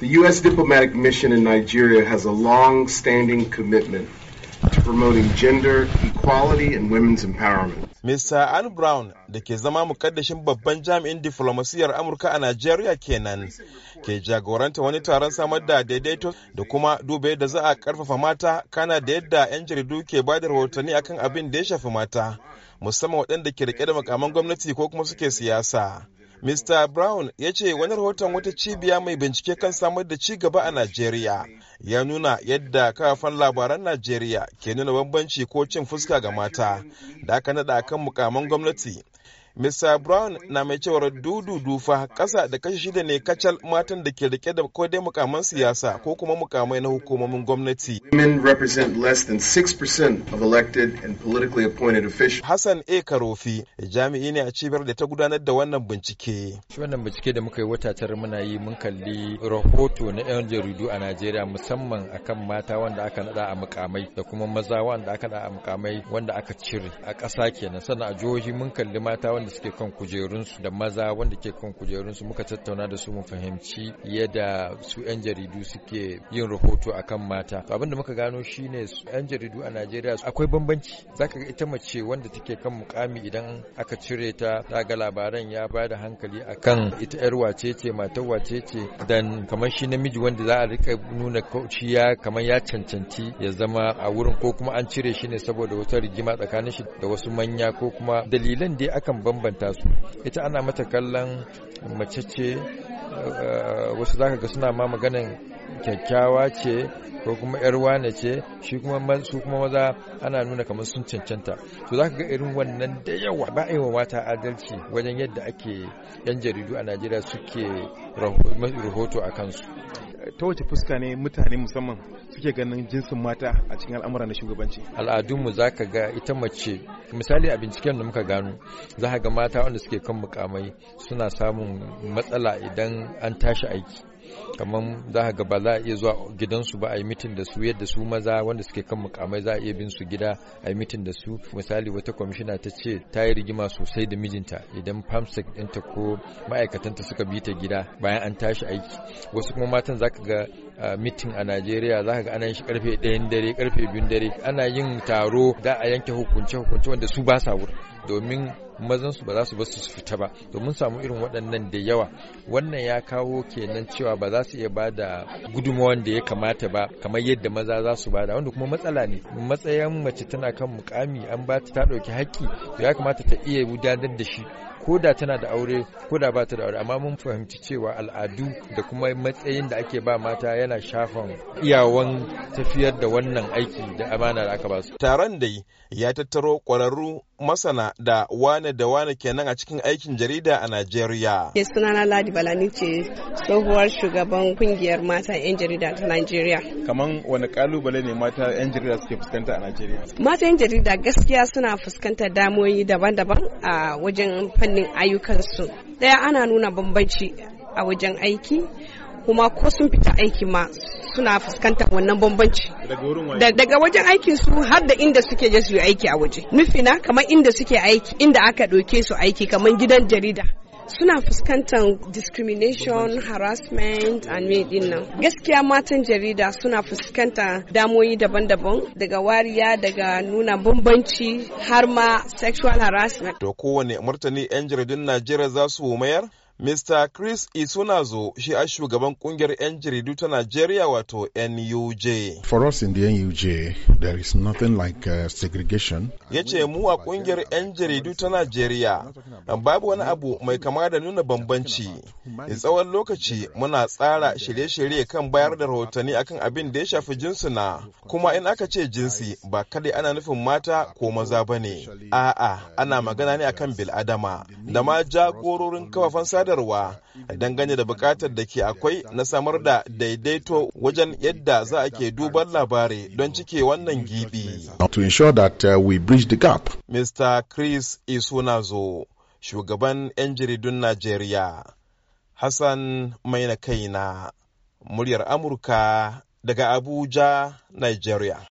The U.S. diplomatic mission in Nigeria has a long standing commitment to promoting gender equality and women's empowerment. Mr. Ann Brown da ke zama mukaddashin babban jami'in diflomasiyar Amurka a Najeriya kenan ke jagoranta wani taron samar da daidaito da kuma duba yadda za a karfafa mata kana da yadda 'yan jaridu ke ba da rahotanni akan abin da ya shafi mata musamman waɗanda ke rike da makaman gwamnati ko kuma suke siyasa. Mr. Brown ya ce wani rahoton wata cibiya mai bincike kan samar da ci gaba a Najeriya ya nuna yadda kafan labaran Najeriya ke nuna bambanci ko cin fuska ga mata da aka nada kan mukaman gwamnati Mr. Brown na mai cewar dudu dufa ƙasa da kashe shida ne kacal matan da ke rike da ko dai mukaman siyasa ko kuma mukamai na hukumomin gwamnati. Women represent less than 6% of elected and politically appointed Hassan A. Karofi jami'i ne a cibiyar da ta gudanar da wannan bincike. Shi wannan bincike da muka yi wata tara muna yi mun kalli rahoto na 'yan jaridu a Najeriya musamman akan mata wanda aka nada a mukamai da kuma maza wanda aka nada a mukamai wanda aka cire a ƙasa kenan sannan a jihohi mun kalli mata wanda suke kan kujerunsu da maza wanda ke kan kujerunsu muka tattauna da su mu fahimci yadda su 'yan jaridu suke yin rahoto a kan mata abin da muka gano shine su 'yan jaridu a najeriya akwai bambanci zaka ga ita mace wanda take kan mukami idan aka cire ta ta labaran ya ba da hankali a kan ita 'yar wace ce matar wace ce dan kamar shi namiji wanda za a rika nuna kauci ya kamar ya cancanci ya zama a wurin ko kuma an cire shi ne saboda wata rigima tsakanin shi da wasu manya ko kuma dalilan dai akan bambanta su ita ana mata kallon mace ce eh, wasu zaka ga suna ma maganin kyakkyawa ce ko kuma yar wane ce shi kuma su kuma maza ana nuna kamar sun cancanta to zaka ga irin wannan da yawa ba a yi wa mata adalci wajen yadda ake yan jaridu a Najeriya suke rahoto a kansu ta wace fuska ne mutane musamman suke ganin jinsin mata a cikin al'amura na shugabanci al'adunmu za ka ga ita mace misali a binciken da muka gano za ka ga mata wanda suke kan mukamai suna samun matsala idan an tashi aiki kamar za a ba za a iya zuwa gidansu ba a yi mitin da su yadda su maza wanda suke kan mukamai za a iya bin su gida a yi mitin da su misali wata kwamishina ta ce ta yi rigima sosai da mijinta idan famsec ɗinta ko ma'aikatanta suka bi ta gida bayan an tashi aiki wasu kuma matan za ka ga mitin a najeriya za ka ga ana yin shi karfe ɗayan dare karfe biyun dare ana yin taro za a yanke hukunce hukunce wanda su ba sa wuri domin mazan su ba za su bar su fita ba domin samu irin waɗannan da yawa wannan ya kawo kenan cewa ba za su iya ba da gudumawa da ya kamata ba kamar yadda maza za su bada wanda kuma matsala ne matsayin mace tana kan mukami an ba ta ɗauki haƙƙi to ya kamata ta iya gudanar da shi ko da tana da aure ko da ba ta da aure amma mun fahimci cewa al'adu da kuma matsayin da ake ba mata yana shafan iyawan tafiyar da wannan aiki da amana da aka ba su. Taron dai ya tattaro ƙwararru masana da wane da wane kenan a cikin aikin jarida a Najeriya. Ke sunana Ladi Balani ce tsohuwar shugaban kungiyar mata 'yan jarida ta Najeriya. Kaman wani kalubale ne mata 'yan jarida suke fuskanta a Najeriya? Mata 'yan jarida gaskiya suna fuskantar damoyi daban-daban a wajen fannin ayyukansu. Daya ana nuna bambanci a wajen aiki kuma ko sun fita aiki ma suna fuskantar wannan bambanci daga wajen aikin su har da inda suke je su yi aiki a waje nufina kamar inda suke aiki inda aka ɗauke su aiki kamar gidan jarida suna fuskantar discrimination harassment and me dinnan gaskiya matan jarida suna fuskantar damoyi daban-daban daga wariya daga nuna bambanci har ma sexual harassment to kowane martani 'yan jaridun najeriya za su mayar Mr. Chris Isunazo shi a shugaban kungiyar 'yan jaridu ta Najeriya wato NUJ. For us in the NUJ, there is nothing like uh, segregation. Ya ce mu a kungiyar 'yan jaridu ta Najeriya, babu wani abu mai kama da nuna bambanci. Tsawon lokaci muna tsara shirye-shirye kan bayar da rahotanni akan abin da ya shafi jinsuna, kuma in aka ce jinsi ba kadai ana nufin mata ko maza ba ne. A'a, ana magana ne akan bil'adama, da ma jagororin kafafen sada sadarwa dangane da bukatar da ke akwai na samar da daidaito wajen yadda za a ke duban labarai don cike wannan gibi. To ensure that uh, we bridge the gap. Mr. Chris Isunazo, shugaban 'yan jaridun Najeriya. Hassan Maina Kaina, muryar Amurka daga Abuja, Nigeria.